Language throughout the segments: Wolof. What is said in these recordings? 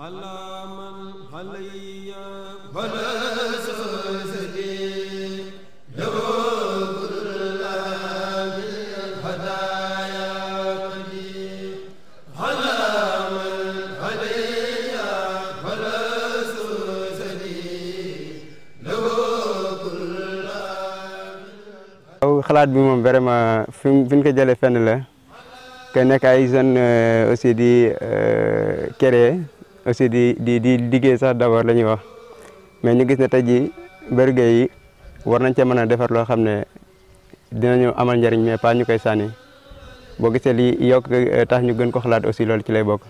على من علي بلا سوزدي دور الله هدايا بدي على من علي بلا سوزدي دور الله خلاص بمن برما فين فين كجالي فين لا كنك عايزن aussi di euh, créer aussi di di di liggéey sax d'abord la ñuy wax mais ñu gis ne tey jii berge yi war nañ cee mën a defar loo xam ne dinañu amal njariñ mais pas ñu koy sànni boo gisee li yokk euh, tax ñu gën ko xalaat aussi loolu ci lay bokk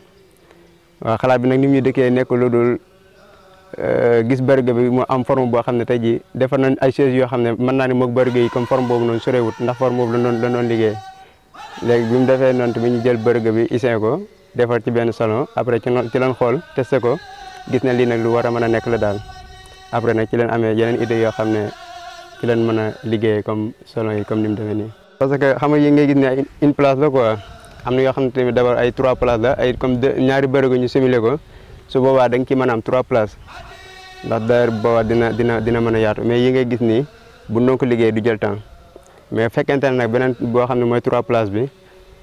waaw xalaat bi nag ni ñu dëkkee nekk lu dul euh, gis berge bi mu am forme boo xam ne tey jii defar nañ ay chaise yoo xam ne mën naa ne moog berge yi comme forme boobu noonu sorewut ndax forme boobu la doon la doon liggéey léegi bi defee noonu tamit ñu jël berge bi isin ko defar ci benn salon après ci ci xool testé ko gis ne lii nag lu war a mën a nekk la daal après na ci leen amee yeneen idée yoo xam ne ci leen mën a liggéeyee comme salon yi comme ni mu demee nii. parce que xam nga yi ngay gis ne ay une place la quoi yoo xam ne tamit ay trois places la ay comme deux ñaari bërëgu ñu simulé ko su boobaa da nga mën a am trois places ndax d'ailleurs boobaa dina dina dina mën a yaatu mais yi ngay gis nii bu noo ko liggéey du jël temps mais fekkente ne nag beneen boo xam ne mooy trois places bi.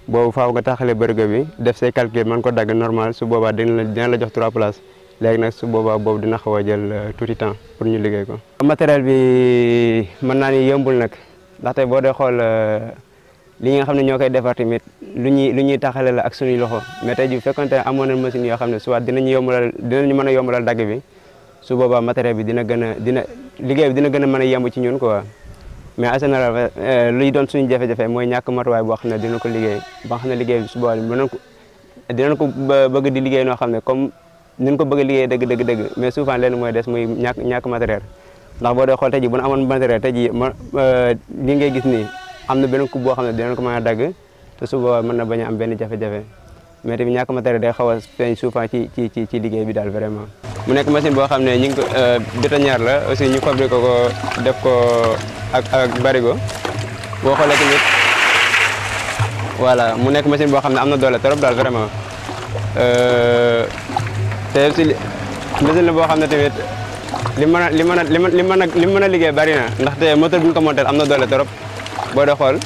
boobu faaw nga taxale bërëg bi def say calcul mën ko dagg normal su boobaa dina la dina la jox trois places léegi nag su boobaa boobu dina xaw a jël euh, tuuti temps pour ñu liggéey ko. matériel bi mën naa ni yëmbul nag ndaxte boo dee xool euh, li nga xam ne ñoo koy defar lu ñuy lu ñuy taxale la ak suñuy loxo mais tey jii bu amoon na machine yoo xam ne soit dinañu yombalal dinañu mën a yombalal dagg bi su boobaa matériel bi dina gën a dina liggéey dina gën a mën a yemb ci ñun quoi. mais en général euh, luy doon suñu jafe-jafe mooy ñàkk matuwaay boo xam ne dina ko liggéey ba xam liggéey bi su boole mënoon ko dinañ ko bëgg liggéey noo xam ne comme niñ ko bëgg a liggéey dëgg dëgg mais souvent leen mooy des muy ñàkk ñàkk matériel ndax boo dee xool tey jii bu ñu amoon matériel tey jii ma euh, ngay gis nii am na benn ku boo xam ne dinañ ko mën a dagg te suba mën na bañ a am benn jafe-jafe mais tamit ñàkk matériel day xaw a feeñ souvent ci ci ci ci liggéey bi daal vraiment mu nekk machine boo xam ne ñu ngi ko euh, bétonnière la aussi ñu fabriqué ko def ko ak ak barigo boo xoolee tamit voilà mu nekk machine boo xam ne am na doole trop daal vraiment euh, te si machine la boo xam ne tamit li mën a li mën a li mën a li mën a liggéey bari na ndaxte moteur bu ñu ko monté am na doole trop boo dee xool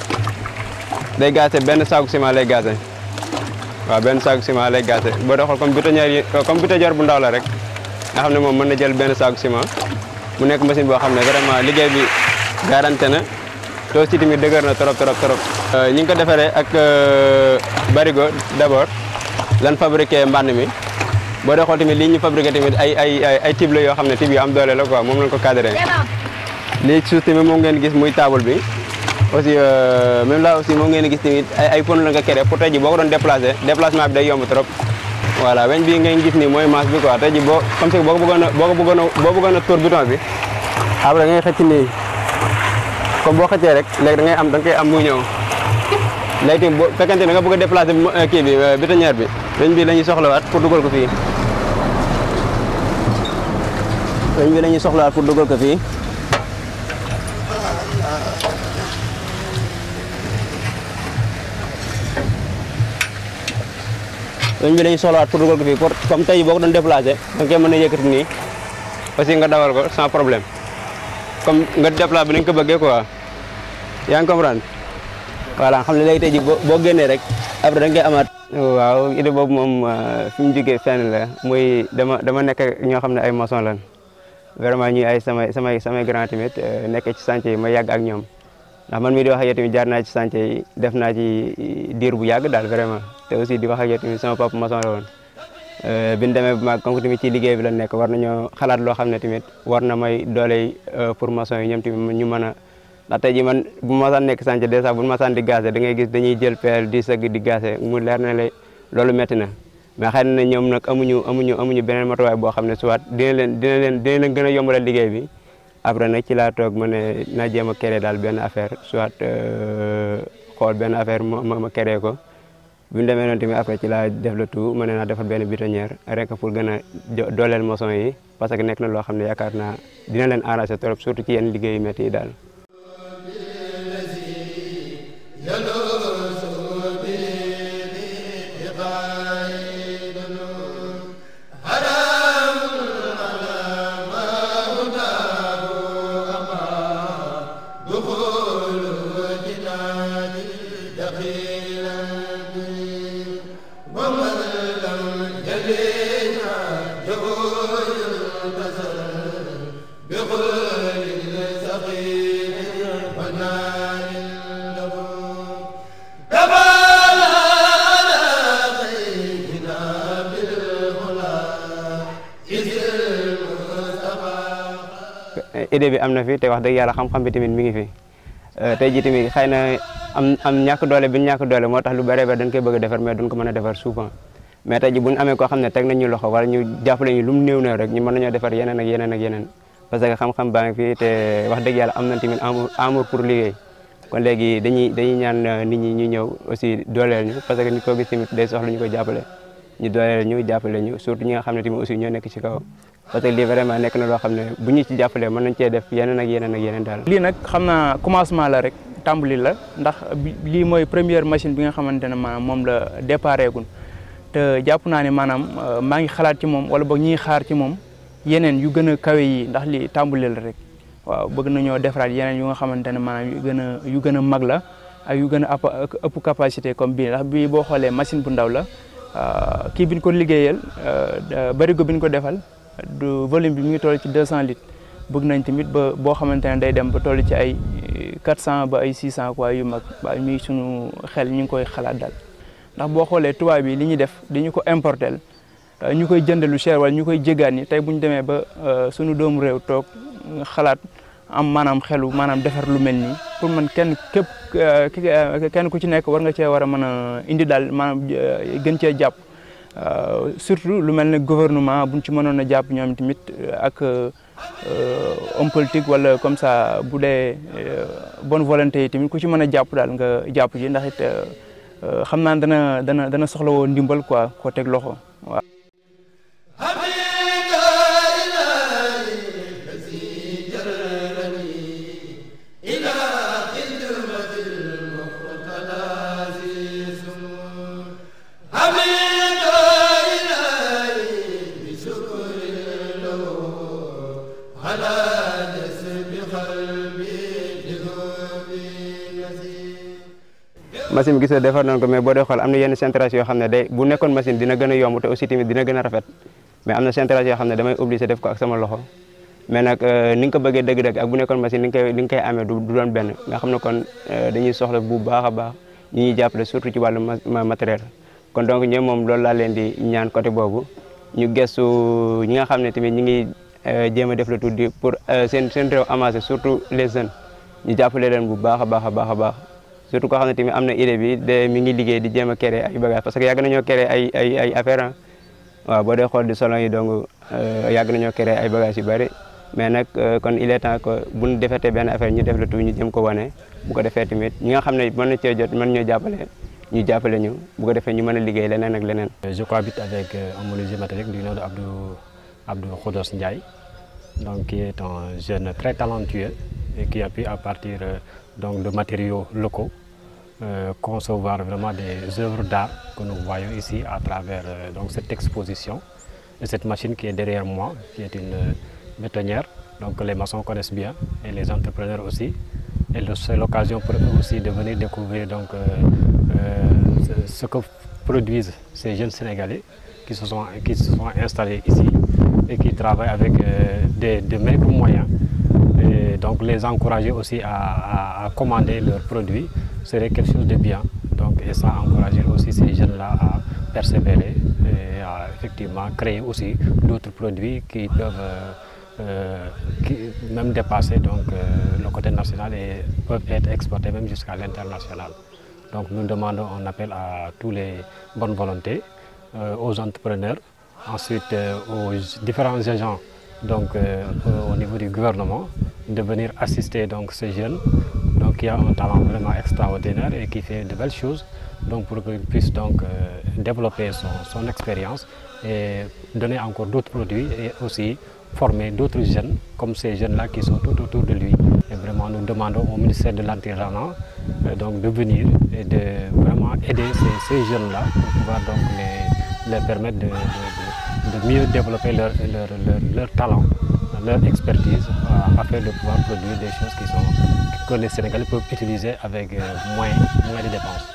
day gaase benn saaku ciment lay gaase waaw benn saaku ciment lay gaase boo dee xool comme boutonnière yi comme boutonnière bu ndaw la rek nga xam ne moom mën na jël benn saaku ciment mu nekk machine boo xam ne vraiment liggéey bi. garanté na te aussi tamit dëgër na trop trop trop. Euh, ñi ngi ko defaree ak euh, barigo d'abord lan fabriqué mbànn mi boo dee xool tamit lii ñu fabriqué tamit ay ay ay tib la yoo xam ne tib yu am doole la quoi moom lañ ko cadré lii ci suuf moom ngeen gis muy table bi aussi euh, même là aussi moom ngeen gis tamit ay ay pono la nga créé pour tey ji boo ko doon déplacé déplacement bi day yomb trop. voilà weñ bi ngeen gis ni mooy masse bi quoi tey ji boo comme si boo ko bëggoon a boo ko bëggoon a boo a comme boo xëccee rek léegi da ngay am da nga koy am muy ñëw léegi tamit boo fekkente nga bëgg déplacer kii bi bétonnière bi lañ bi la ñuy soxlawaat pour dugal ko fii lañ bi la ñuy soxlawaat pour dugal ko fii lañ bi la ñuy soxlawaat pour dugal ko fii pour comme tey boo ko déplacer da nga koy mën a yëkkati nga dawal ko sans problème comme nga déplacé bi nañ ko bëggee quoi yaa ngi comprendre voilà xam ne léegi tey jii boo génnee rek après da nga amaat. waaw idée boobu moom euh, fi jigee jógee fenn la muy dama dama nekk ñoo xam ne ay maçon lan vraiment ñuy ay samay samay samay grand tamit euh, nekk ci chantier yi ma yàgg ak ñoom ndax man mii di wax ak yow jaar naa ci chantier yi def naa ci diir bu yàgg daal vraiment te aussi di wax ak sama papa maçon la woon. Euh, bi ñu demee bu mag comme que tamit ci liggéey bi la nekk war nañoo xalaat loo xam ne tamit war na may doole euh, mason yi ñoom tamit ñu mën a ndax tey jii man bu ma saan nekk sànq dèjà bu ma saan di gaase da ngay gis dañuy jël peel di sëgg di gaase mu leer na la loolu métti na. mais xëy na ñoom nag amuñu amuñu amuñu beneen matuwaay boo xam ne soit dina leen dina leen gën a yombalal liggéey bi après na ci laa toog ma ne naa jéem a créer daal benn affaire soit euh, xool benn affaire ma ma créer ko. bi mu demee noonu tamit après def le tout ma ne naa defar benn bidonnière rek pour gën a dooleel maçon yi parce que nekk na loo xam ne yaakaar naa dina leen arrangé trop surtout ci yen liggéeyu métti yi daal idée bi am na fi te wax dëgg yàlla xam-xam bi tamit mi ngi fi euh, te jii tamit xëy na am am ñàkk doole bi ñàkk doole moo tax lu bëree bëri dañ koy bëgg a defar mais duñ ko mën defar souvent mais tey jii amee koo xam ne teg nañu loxo wala ñu jàppale ñu lu mu néew rek ñu mën nañoo defar yeneen ak yeneen ak yeneen parce que xam-xam baa fi te wax dëgg yàlla am na tamit amour amour pour liggéey kon léegi dañuy dañuy ñaan euh, nit ñi ñu ñëw aussi dooleel ñu parce que nit koo gis tamit day soxla ñu ko jàppale ñu dooleel ñu jàppale ñu ñi nga xam ne tamit aussi ñoo nekk ci kaw parce que lii vraiment nekk na loo xam ne bu ñu ci jàppalee mën nañ cee def yeneen ak yeneen ak daal. lii nag xam naa commencement la rek tàmbali la ndax lii mooy première machine bi nga xamante ne maanaam moom la déparé gun te jàpp naa ne maanaam euh, maa ngi xalaat ci moom wala boog ñiy xaar ci moom yeneen yu gën a kawe yi ndax li tàmbali la rek waaw bëgg nañoo defaraat yeneen yu nga xamante ne maanaam yu gën a yu gën a mag la ak yu gën a ëpp capacité comme bii ndax bii boo xoolee machine bu ndaw la euh, kii bi ko liggéeyal euh, barigo bi ko defal. du volume bi mu ngi toll ci deux cent litres bëgg nañ tamit ba boo xamante ne day dem ba toll ci ay quatre cent ba ay six cent quoi yu mag waaye mi suñu xel ñu ngi koy xalaat dal ndax boo xoolee tubaab yi li ñuy def dañu ko importer euh, ñu koy jënd lu cher wala ñu koy jéggaan ni tey bu ñu demee ba euh, suñu doomu réew toog xalaat am maanaam xelu maanaam defar lu mel nii pour man kenn képp euh, kenn ku ci nekk war nga cee war a mën a indi daal maanaam gën cee jàpp. Euh, surtout lu mel ne gouvernement buñ ci mënoon a jàpp ñoom tamit euh, ak euh, homme politique wala comme sa bu dee bonne volonté yi tamit ku ci mën a jàpp daal nga jàpp ji ndax it xam naa dana dana dana soxla woo ndimbal quoi koo teg loxo. machine bi gis na defar nañ ko mais boo dee xool am na yenn centrage yoo xam ne day bu nekkoon machine dina a yomb te aussi tamit dina gën a rafet mais am na centrage yoo xam ne damay obligé def ko ak sama loxo mais euh, ni nga bëggee dëgg-dëgg ak bu nekkoon machine ni nga koy ni nga koy amee du doon benn nga xam ne kon euh, dañuy soxla bu baax a baax ñu ñuy jàppale surtout ci wàllu matériel kon donc ñoom moom loolu laa leen di ñaan côté boobu ñu gëstu ñi nga xam ne tamit ñi ngi euh, jéem a def tout di pour seen seen réew surtout les jeunes ñu jàppale leen bu baax a baax a baax a baax surtout ko xam ne amna am idée bi de mi ngi liggéey di jéem kéré ay bagage parce que yag nañu kéré ay ay ay affaire hein. waaw bo dee xol di salon yi donc euh, yag nañu kéré ay bagage yu bari mais nak euh, kon il est temps que bu défété ben affaire ñu def la tout ñu jëm ko wane bu ko défété tamit ñi nga xamné man mën jot man ñoo jappalé ñu jappalé ñu bu ko défé ñu mëna a liggéey leneen ak leneen. je cohabite avec un menuisier métallique du nom de Abdou Abdou Khodos Ndiaye donc qui est un jeune très talentueux et qui a pu à partir euh, donc de matériaux locaux. Euh, concevoir vraiment des œuvres d'art que nous voyons ici à travers euh, cette exposition et cette machine qui est derrière moi, qui est une euh, bétonnière, donc les maçons connaissent bien et les entrepreneurs aussi. Et c'est l'occasion pour nous aussi de venir découvrir donc, euh, ce que produisent ces jeunes Sénégalais qui se sont, qui se sont installés ici et qui travaillent avec des, des moyens. Et donc les encourager aussi à commander leurs produits serait quelque chose de bien. Donc, et ça encouragerait aussi ces jeunes-là à persévérer et à effectivement créer aussi d'autres produits qui peuvent euh, euh, même dépasser donc, euh, le côté national et peuvent être exportés même jusqu'à l'international. Donc nous demandons on appelle à tous les bonnes volontés, aux entrepreneurs, ensuite aux différents agents donc, au niveau du gouvernement de venir assister donc, ces jeunes qui a un talent vraiment extraordinaire et qui fait de belles choses, donc pour qu'il puisse donc euh, développer son, expérience et donner encore d'autres produits et aussi former d'autres jeunes, comme ces jeunes-là qui sont tout autour de lui. Et vraiment, nous demandons au ministère de l'Intérieur euh, de venir et de vraiment aider ces, jeunes-là pour pouvoir donc les, permettre de, mieux développer leur, talent, leur expertise, afin de pouvoir produire des choses qui sont les Sénégalais peuvent utiliser avec euh, moins, moins de dépenses.